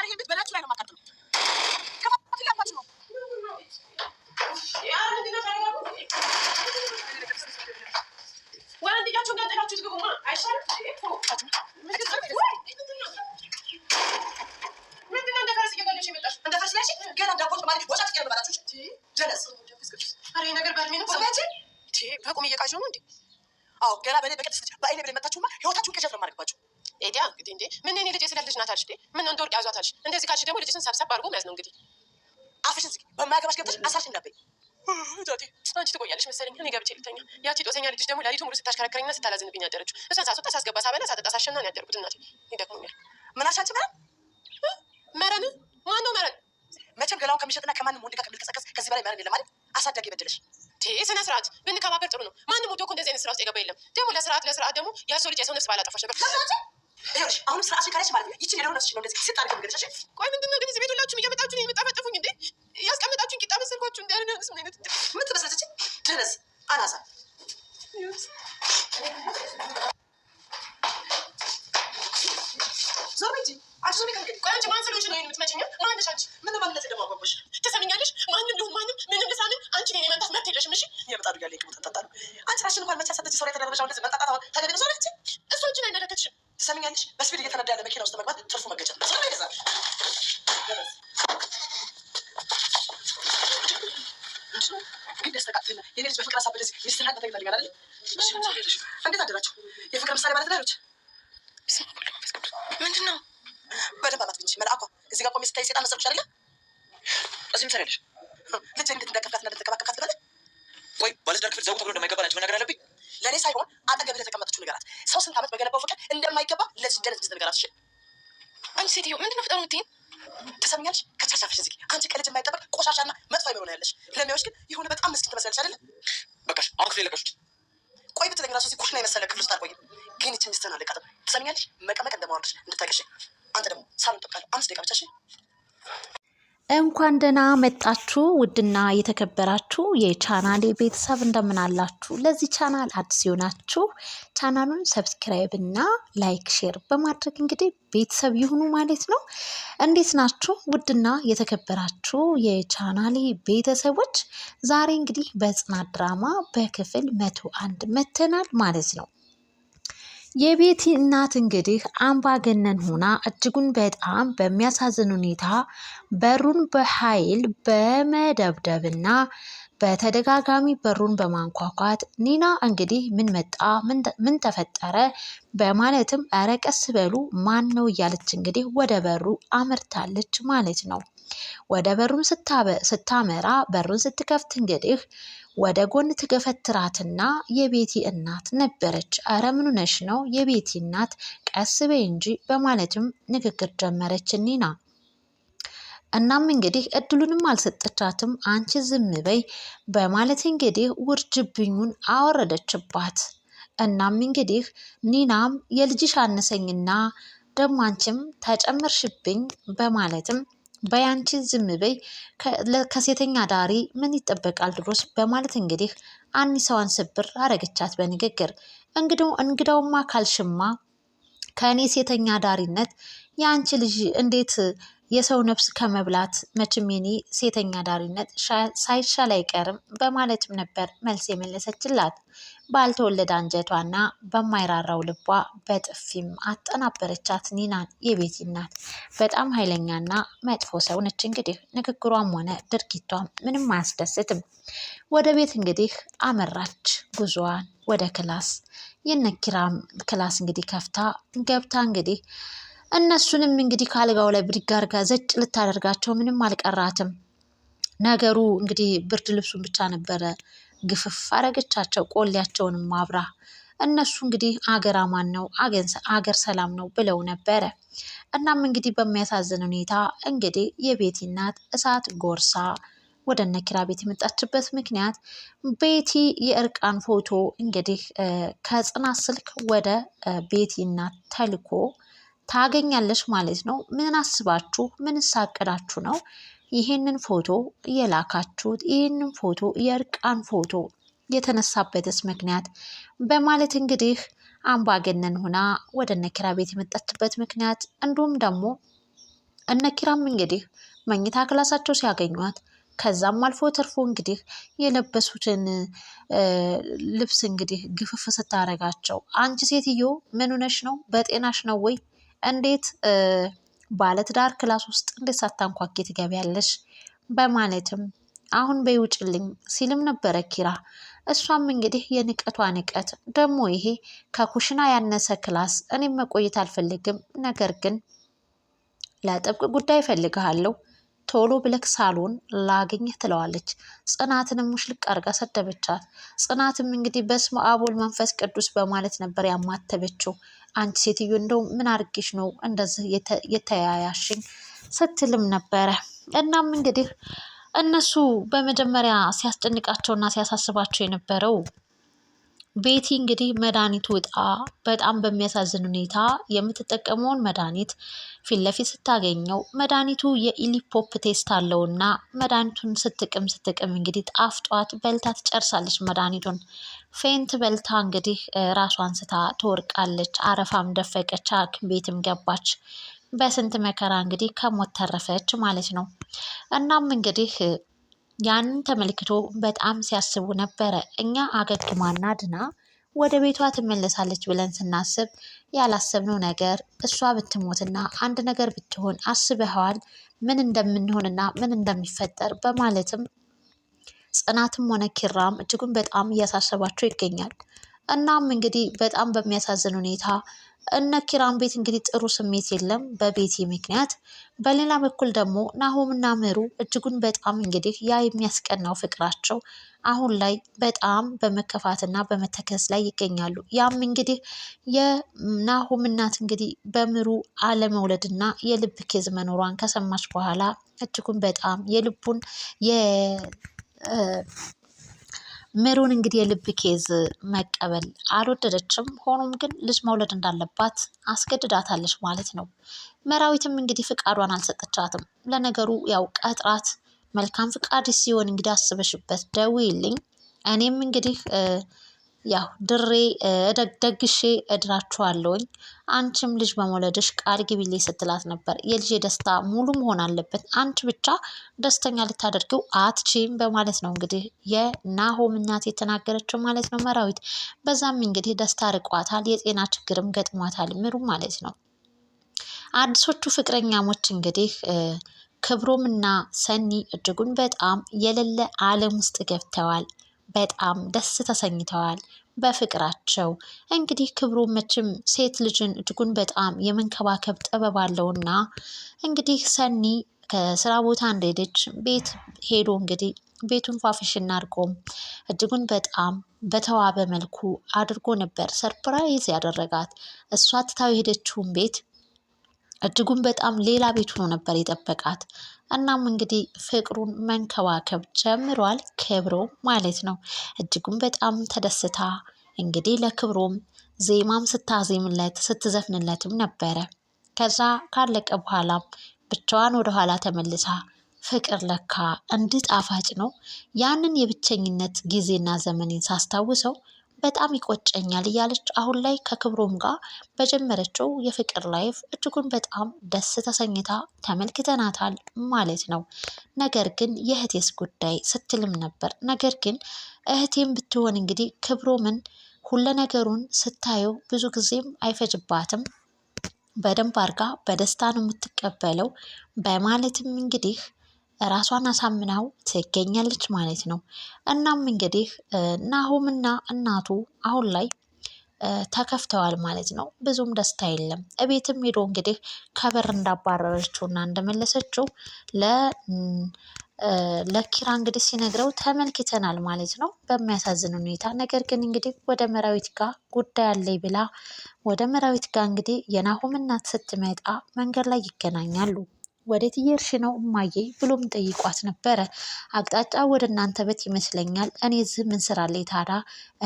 ዛሬ ይሄን ቤት በላችሁ ላይ ነው የማቃጥለው። በቁም እየቃዥ ነው እንዴ? አዎ ገና በእኔ በቀደስ ልጅ በአይኔ ብለን መታችሁማ ህይወታችሁን ነው የማደርግባችሁ። ኤዲያ እንግዲህ እንዴ ምን እኔ ልጅ የስለ ልጅ ናት አልሽ? ምን እንደ ወርቅ ያዟት አልሽ? እንደዚህ ካልሽ ደግሞ ልጅሽን ሰብሰብ አድርጎ መያዝ ነው እንግዲህ። አፍሽን ዝጊ። በማያገባሽ ገብተሽ አሳልሽ እንዳበይ ዛቴ አንቺ ትቆያለሽ መሰለኝ። እኔ ገብቼ ልተኛ። ያቺ ጦሰኛ ልጅሽ ደግሞ ለሊቱ ሙሉ ስታሽከረከረኝና ስታላዝንብኝ ያደረችው እሷን ሳስወጣ ሳስገባ ሳበላ ሳጠጣ ሳሸና ነው ያደርኩት። እናቴ ይደክሞኛል። ምን አልሽ አንቺ? መረን ማነው መረን? መቼም ገላውን ከሚሸጥና ከማንም ወንድ ጋር ከምትቀሰቀስ ከዚህ በላይ መረን የለም ማለት አሳዳጊ በደለሽ። ስነ ስርዓት ብንከባበር ጥሩ ነው። ማንም ወዶ እኮ እንደዚህ አይነት ስራ ውስጥ የገባ የለም። ደግሞ ለስርዓት ለስርዓት ደግሞ የሰው ልጅ የሰው ነፍስ ባላጠፋሽ ነበር ይኸውልሽ አሁንም ስርዓትሽን ካለሽ ማለት ነው። ይችን የደሮ ነፍስሽ ነው እንደዚህ ስታደርግ ነገርሽ። ቆይ ምንድን ነው ግን እዚህ ቤት ሁላችሁም እያመጣችሁ ነው የምጣፈጠፉኝ እንዴ? ያስቀመጣችሁን ቂጣ መሰልኳችሁ እንዲ ያለ ስም አይነት ምን ድረስ አናሳ ዞር እንጂ አንቺ ዞር ከንገ ቆይ አንቺ ማን ስለሆንሽ ነው ይህን የምትመጪኝ? ማነሽ አንቺ? ምን ለማለት ደግሞ አጓጓሽ ግን ደስተካክል የኔ ልጅ በፍቅር ሀሳብ በደዚህ ሚስትር ሀቅ እንዴት አደራችሁ? የፍቅር ምሳሌ ማለት ዳሮች ምንድን ነው? በደንብ አማት ግንች መልአኳ እዚህ ጋር ቆሜ ስታይ ሴጣን መሰሎች አደለ? እዚህ ምሳሌ ልጅ ልጅ እንዴት እንዳቀፍካት እና እንደተከባከብካት ልበል ወይ ባለትዳር ክፍል ዘጉ ተብሎ እንደማይገባ ናቸው መናገር አለብኝ። ለእኔ ሳይሆን አጠገብ የተቀመጠችው ነገራት። ሰው ስንት ዓመት በገነባው ፍቅር እንደማይገባ ለዚህ ደነት ነገራት። እሺ አንቺ ሴትዮ ምንድን ነው ፍጠሩ ምትይን ትሰሚኛለሽ? ከቻቻፍሽ ዝጊ። አንቺ ከልጅ የማይጠበቅ ቆሻሻና መጥፎ አይመሆን ያለሽ፣ ለሚያዩሽ ግን የሆነ በጣም ምስኪን ትመስላለሽ። አይደለም በቃሽ። አሁን ክፍል ለቀሹት። ቆይ ብትለኝ ራሱ እዚህ ኩሽና የመሰለ ክፍል ውስጥ አልቆይም። ግን ይችን ስተን አለቃትም። ትሰሚኛለሽ? መቀመቅ እንደማወርድሽ እንድታቀሽ። አንተ ደግሞ ሳሎን ጠብቃለሁ። አምስት ደቂቃ ብቻ እንኳን ደህና መጣችሁ ውድና የተከበራችሁ የቻናሌ ቤተሰብ እንደምን አላችሁ? ለዚህ ቻናል አዲስ የሆናችሁ ቻናሉን ሰብስክራይብ እና ላይክ ሼር በማድረግ እንግዲህ ቤተሰብ ይሁኑ ማለት ነው። እንዴት ናችሁ? ውድና የተከበራችሁ የቻናሌ ቤተሰቦች ዛሬ እንግዲህ በጽናት ድራማ በክፍል መቶ አንድ መተናል ማለት ነው። የቤቲ እናት እንግዲህ አምባገነን ሆና እጅጉን በጣም በሚያሳዝን ሁኔታ በሩን በኃይል በመደብደብና በተደጋጋሚ በሩን በማንኳኳት ኒና እንግዲህ ምን መጣ ምን ተፈጠረ በማለትም ኧረ ቀስ በሉ ማን ነው እያለች እንግዲህ ወደ በሩ አምርታለች ማለት ነው። ወደ በሩም ስታመራ በሩን ስትከፍት እንግዲህ ወደ ጎን ትገፈትራትና የቤቲ እናት ነበረች። አረ ምኑነሽ ነው የቤቲ እናት ቀስ በይ እንጂ በማለትም ንግግር ጀመረች ኒና። እናም እንግዲህ እድሉንም አልሰጠቻትም። አንቺ ዝም በይ በማለት እንግዲህ ውርጅብኙን አወረደችባት። እናም እንግዲህ ኒናም የልጅሽ አነሰኝና ደግሞ አንቺም ተጨመርሽብኝ በማለትም በያንቺ ዝም በይ ከሴተኛ ዳሪ ምን ይጠበቃል ድሮስ በማለት እንግዲህ አኒሳዋን ስብር አረገቻት በንግግር እንግዲው እንግዳውማ ካልሽማ ከእኔ ሴተኛ ዳሪነት የአንቺ ልጅ እንዴት የሰው ነፍስ ከመብላት መቼም የኔ ሴተኛ ዳሪነት ሳይሻል አይቀርም በማለትም ነበር መልስ የመለሰችላት። ባልተወለደ አንጀቷና በማይራራው ልቧ በጥፊም አጠናበረቻት ኒናን። የቤቲ እናት በጣም ኃይለኛና መጥፎ ሰው ነች። እንግዲህ ንግግሯም ሆነ ድርጊቷም ምንም አያስደስትም። ወደ ቤት እንግዲህ አመራች ጉዞዋን ወደ ክላስ የነኪራም ክላስ እንግዲህ ከፍታ ገብታ እንግዲህ እነሱንም እንግዲህ ከአልጋው ላይ ብድግ አድርጋ ዘጭ ልታደርጋቸው ምንም አልቀራትም። ነገሩ እንግዲህ ብርድ ልብሱን ብቻ ነበረ ግፍፍ አረገቻቸው፣ ቆሌያቸውንም አብራ። እነሱ እንግዲህ አገር አማን ነው አገር ሰላም ነው ብለው ነበረ። እናም እንግዲህ በሚያሳዝን ሁኔታ እንግዲህ የቤቲ እናት እሳት ጎርሳ ወደ እነ ኪራ ቤት የመጣችበት ምክንያት ቤቲ የእርቃን ፎቶ እንግዲህ ከጽናት ስልክ ወደ ቤቲ እናት ተልኮ ታገኛለች ማለት ነው። ምን አስባችሁ ምን ሳቅዳችሁ ነው ይህንን ፎቶ የላካችሁት? ይህንን ፎቶ የእርቃን ፎቶ የተነሳበትስ ምክንያት በማለት እንግዲህ አምባገነን ሆና ወደ እነኪራ ቤት የመጣችበት ምክንያት እንዲሁም ደግሞ እነኪራም እንግዲህ መኝታ ክላሳቸው ሲያገኟት ከዛም አልፎ ተርፎ እንግዲህ የለበሱትን ልብስ እንግዲህ ግፍፍ ስታደርጋቸው አንቺ ሴትዮ ምን ሆነሽ ነው? በጤናሽ ነው ወይ እንዴት ባለትዳር ክላስ ውስጥ እንዴት ሳታንኳኪ ትገቢያለሽ? በማለትም አሁን በይውጭልኝ ሲልም ነበረ ኪራ። እሷም እንግዲህ የንቀቷ ንቀት ደግሞ ይሄ ከኩሽና ያነሰ ክላስ፣ እኔም መቆየት አልፈልግም፣ ነገር ግን ለጥብቅ ጉዳይ እፈልግሃለሁ ቶሎ ብለክ ሳሎን ላግኝህ ትለዋለች። ጽናትንም ሙሽልቅ አርጋ ሰደበቻት። ጽናትም እንግዲህ በስመ አብ ወወልድ መንፈስ ቅዱስ በማለት ነበር ያማተበችው። አንቺ ሴትዮ እንደው ምን አርጌሽ ነው እንደዚህ የተያያሽኝ ስትልም ነበረ። እናም እንግዲህ እነሱ በመጀመሪያ ሲያስጨንቃቸውና ሲያሳስባቸው የነበረው ቤቲ እንግዲህ መድኃኒት ውጣ በጣም በሚያሳዝን ሁኔታ የምትጠቀመውን መድኃኒት ፊት ለፊት ስታገኘው መድኃኒቱ የኢሊፖፕ ቴስት አለው እና መድኃኒቱን ስትቅም ስትቅም እንግዲህ ጣፍጧት በልታ ትጨርሳለች። መድኃኒቱን ፌንት በልታ እንግዲህ ራሷን ስታ ትወርቃለች። አረፋም ደፈቀች፣ ሐኪም ቤትም ገባች። በስንት መከራ እንግዲህ ከሞት ተረፈች ማለት ነው። እናም እንግዲህ ያንን ተመልክቶ በጣም ሲያስቡ ነበረ። እኛ አገግማና ድና ወደ ቤቷ ትመለሳለች ብለን ስናስብ ያላሰብነው ነገር እሷ ብትሞትና አንድ ነገር ብትሆን አስበኸዋል? ምን እንደምንሆንና ምን እንደሚፈጠር በማለትም ጽናትም ሆነ ኪራም እጅጉን በጣም እያሳሰባቸው ይገኛል። እናም እንግዲህ በጣም በሚያሳዝን ሁኔታ እነ ኪራም ቤት እንግዲህ ጥሩ ስሜት የለም በቤቲ ምክንያት። በሌላ በኩል ደግሞ እና ምሩ እጅጉን በጣም እንግዲህ ያ የሚያስቀናው ፍቅራቸው አሁን ላይ በጣም በመከፋትና በመተከስ ላይ ይገኛሉ። ያም እንግዲህ የናሆም እናት እንግዲህ በምሩ አለመውለድና የልብ ኬዝ መኖሯን ከሰማች በኋላ እጅጉን በጣም የልቡን ምሩን እንግዲህ የልብ ኬዝ መቀበል አልወደደችም። ሆኖም ግን ልጅ መውለድ እንዳለባት አስገድዳታለች ማለት ነው። መራዊትም እንግዲህ ፍቃዷን አልሰጠቻትም። ለነገሩ ያው ቀጥራት መልካም ፍቃድ ሲሆን እንግዲህ አስበሽበት ደውይልኝ እኔም እንግዲህ ያው ድሬ ደግሼ እድራችኋለሁኝ አንቺም ልጅ በመውለድሽ ቃል ግቢልኝ ስትላት ነበር። የልጅ ደስታ ሙሉ መሆን አለበት፣ አንቺ ብቻ ደስተኛ ልታደርጊው አትችም በማለት ነው እንግዲህ የናሆም እናት የተናገረችው ማለት ነው መራዊት። በዛም እንግዲህ ደስታ ርቋታል፣ የጤና ችግርም ገጥሟታል ምሩ ማለት ነው። አዲሶቹ ፍቅረኛሞች እንግዲህ ክብሮምና ሰኒ እጅጉን በጣም የሌለ አለም ውስጥ ገብተዋል። በጣም ደስ ተሰኝተዋል በፍቅራቸው። እንግዲህ ክብሩ መቼም ሴት ልጅን እጅጉን በጣም የመንከባከብ ጥበብ አለውና እንግዲህ ሰኒ ከስራ ቦታ እንደሄደች ቤት ሄዶ እንግዲህ ቤቱን ፏፍሽና አድርጎም እጅጉን በጣም በተዋበ መልኩ አድርጎ ነበር ሰርፕራይዝ ያደረጋት። እሷ ትታው የሄደችውን ቤት እጅጉን በጣም ሌላ ቤት ሆኖ ነበር የጠበቃት። እናም እንግዲህ ፍቅሩን መንከባከብ ጀምሯል ክብሮ ማለት ነው። እጅጉም በጣም ተደስታ እንግዲህ ለክብሮም ዜማም ስታዜምለት ስትዘፍንለትም ነበረ። ከዛ ካለቀ በኋላም ብቻዋን ወደኋላ ተመልሳ ፍቅር ለካ እንዲህ ጣፋጭ ነው፣ ያንን የብቸኝነት ጊዜና ዘመኔን ሳስታውሰው በጣም ይቆጨኛል እያለች አሁን ላይ ከክብሮም ጋር በጀመረችው የፍቅር ላይፍ እጅጉን በጣም ደስ ተሰኝታ ተመልክተናታል ማለት ነው። ነገር ግን የእህቴስ ጉዳይ ስትልም ነበር። ነገር ግን እህቴም ብትሆን እንግዲህ ክብሮምን ሁለ ነገሩን ስታየው ብዙ ጊዜም አይፈጅባትም በደንብ አርጋ በደስታ ነው የምትቀበለው። በማለትም እንግዲህ ራሷን አሳምናው ትገኛለች ማለት ነው። እናም እንግዲህ ናሆምና እናቱ አሁን ላይ ተከፍተዋል ማለት ነው። ብዙም ደስታ የለም። እቤትም ሄዶ እንግዲህ ከበር እና እንደመለሰችው ለኪራ እንግዲህ ሲነግረው ተመልክተናል ማለት ነው በሚያሳዝን ሁኔታ። ነገር ግን እንግዲህ ወደ መራዊት ጋር ጉዳይ አለኝ ብላ ወደ መራዊት ጋር እንግዲህ የናሆም እናት ስትመጣ መንገድ ላይ ይገናኛሉ። ወዴት እየርሽ ነው እማዬ ብሎም ጠይቋት ነበረ። አቅጣጫ ወደ እናንተ ቤት ይመስለኛል። እኔ እዚህ ምን ስራ ላይ ታዲያ?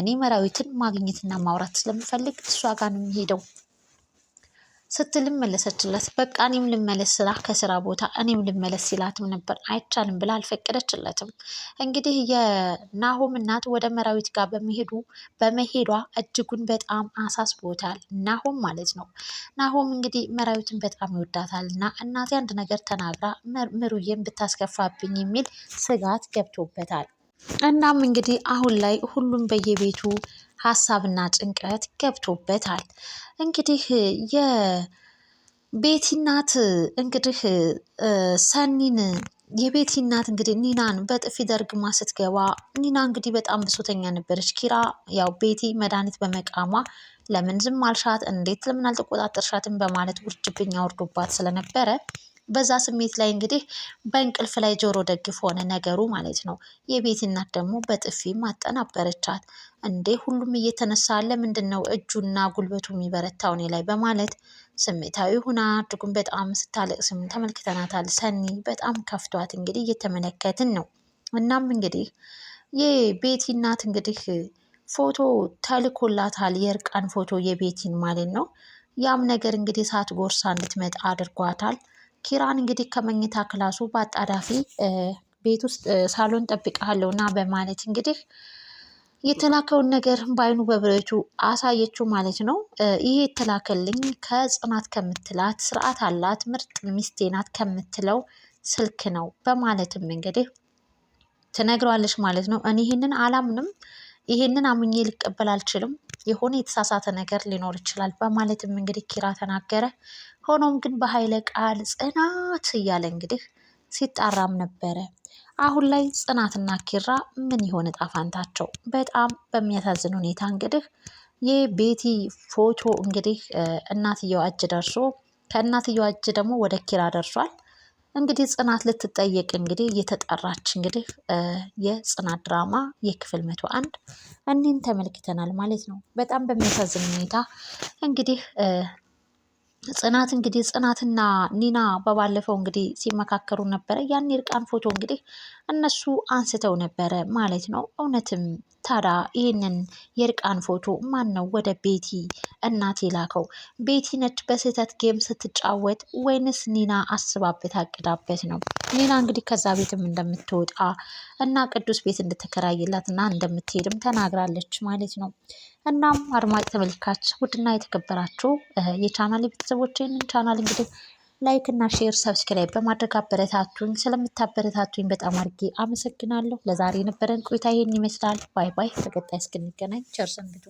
እኔ መራዊትን ማግኘትና ማውራት ስለምፈልግ እሷ ጋር ነው የምሄደው ስትልም መለሰችለት። በቃ እኔም ልመለስ ስራ ከስራ ቦታ እኔም ልመለስ ሲላትም ነበር። አይቻልም ብላ አልፈቀደችለትም። እንግዲህ የናሆም እናት ወደ መራዊት ጋር በመሄዱ በመሄዷ እጅጉን በጣም አሳስቦታል። ናሆም ማለት ነው። ናሆም እንግዲህ መራዊትን በጣም ይወዳታል እና እናቴ አንድ ነገር ተናግራ ምሩዬን ብታስከፋብኝ የሚል ስጋት ገብቶበታል። እናም እንግዲህ አሁን ላይ ሁሉም በየቤቱ ሀሳብና ጭንቀት ገብቶበታል። እንግዲህ የቤቲ እናት እንግዲህ ሰኒን የቤቲ እናት እንግዲህ ኒናን በጥፊ ደርግማ ስትገባ ኒና እንግዲህ በጣም ብሶተኛ ነበረች። ኪራ ያው ቤቲ መድኃኒት በመቃሟ ለምን ዝም አልሻት? እንዴት ለምን አልተቆጣጠርሻትም? በማለት ውርጅብኝ አውርዶባት ስለነበረ በዛ ስሜት ላይ እንግዲህ በእንቅልፍ ላይ ጆሮ ደግፍ ሆነ ነገሩ ማለት ነው። የቤቲ እናት ደግሞ በጥፊም አጠናበረቻት። እንዴ ሁሉም እየተነሳ አለ ምንድን ነው እጁና ጉልበቱ የሚበረታው እኔ ላይ በማለት ስሜታዊ ሁና እጅጉን በጣም ስታለቅስም ተመልክተናታል። ሰኒ በጣም ከፍቷት እንግዲህ እየተመለከትን ነው። እናም እንግዲህ የቤቲ እናት እንግዲህ ፎቶ ተልኮላታል። የእርቃን ፎቶ የቤቲን ማለት ነው። ያም ነገር እንግዲህ ሳት ጎርሳ እንድትመጣ አድርጓታል። ኪራን እንግዲህ ከመኝታ ክላሱ በአጣዳፊ ቤት ውስጥ ሳሎን ጠብቀሃለሁ እና በማለት እንግዲህ የተላከውን ነገር በአይኑ በብረቱ አሳየችው ማለት ነው። ይሄ የተላከልኝ ከጽናት ከምትላት ስርዓት አላት ምርጥ ሚስቴ ናት ከምትለው ስልክ ነው በማለትም እንግዲህ ትነግረዋለች ማለት ነው። እኔ ይህንን አላምንም ይህንን አምኜ ልቀበል አልችልም የሆነ የተሳሳተ ነገር ሊኖር ይችላል በማለትም እንግዲህ ኪራ ተናገረ። ሆኖም ግን በኃይለ ቃል ጽናት እያለ እንግዲህ ሲጣራም ነበረ። አሁን ላይ ጽናትና ኪራ ምን ይሆን ዕጣ ፈንታቸው? በጣም በሚያሳዝን ሁኔታ እንግዲህ የቤቲ ፎቶ እንግዲህ እናትየው እጅ ደርሶ ከእናትየው እጅ ደግሞ ወደ ኪራ ደርሷል። እንግዲህ ጽናት ልትጠየቅ እንግዲህ እየተጠራች እንግዲህ የጽናት ድራማ የክፍል መቶ አንድ እኒን ተመልክተናል ማለት ነው። በጣም በሚያሳዝን ሁኔታ እንግዲህ ጽናት እንግዲህ ጽናትና ኒና በባለፈው እንግዲህ ሲመካከሩ ነበረ። ያን የእርቃን ፎቶ እንግዲህ እነሱ አንስተው ነበረ ማለት ነው እውነትም ታዲያ ይህንን የእርቃን ፎቶ ማን ነው ወደ ቤቲ እናት የላከው? ቤቲ ነች በስህተት ጌም ስትጫወት ወይንስ ኒና አስባበት አቅዳበት ነው? ኒና እንግዲህ ከዛ ቤትም እንደምትወጣ እና ቅዱስ ቤት እንድትከራይላት እና እንደምትሄድም ተናግራለች ማለት ነው። እናም አድማጭ ተመልካች ውድና የተከበራችሁ የቻናል ቤተሰቦች ይህንን ቻናል እንግዲህ ላይክ እና ሼር ሰብስክራይብ በማድረግ አበረታቱኝ። ስለምታበረታቱኝ በጣም አድርጌ አመሰግናለሁ። ለዛሬ የነበረን ቆይታ ይህን ይመስላል። ባይ ባይ። በቀጣይ እስክንገናኝ ቸር ሰንብቱ።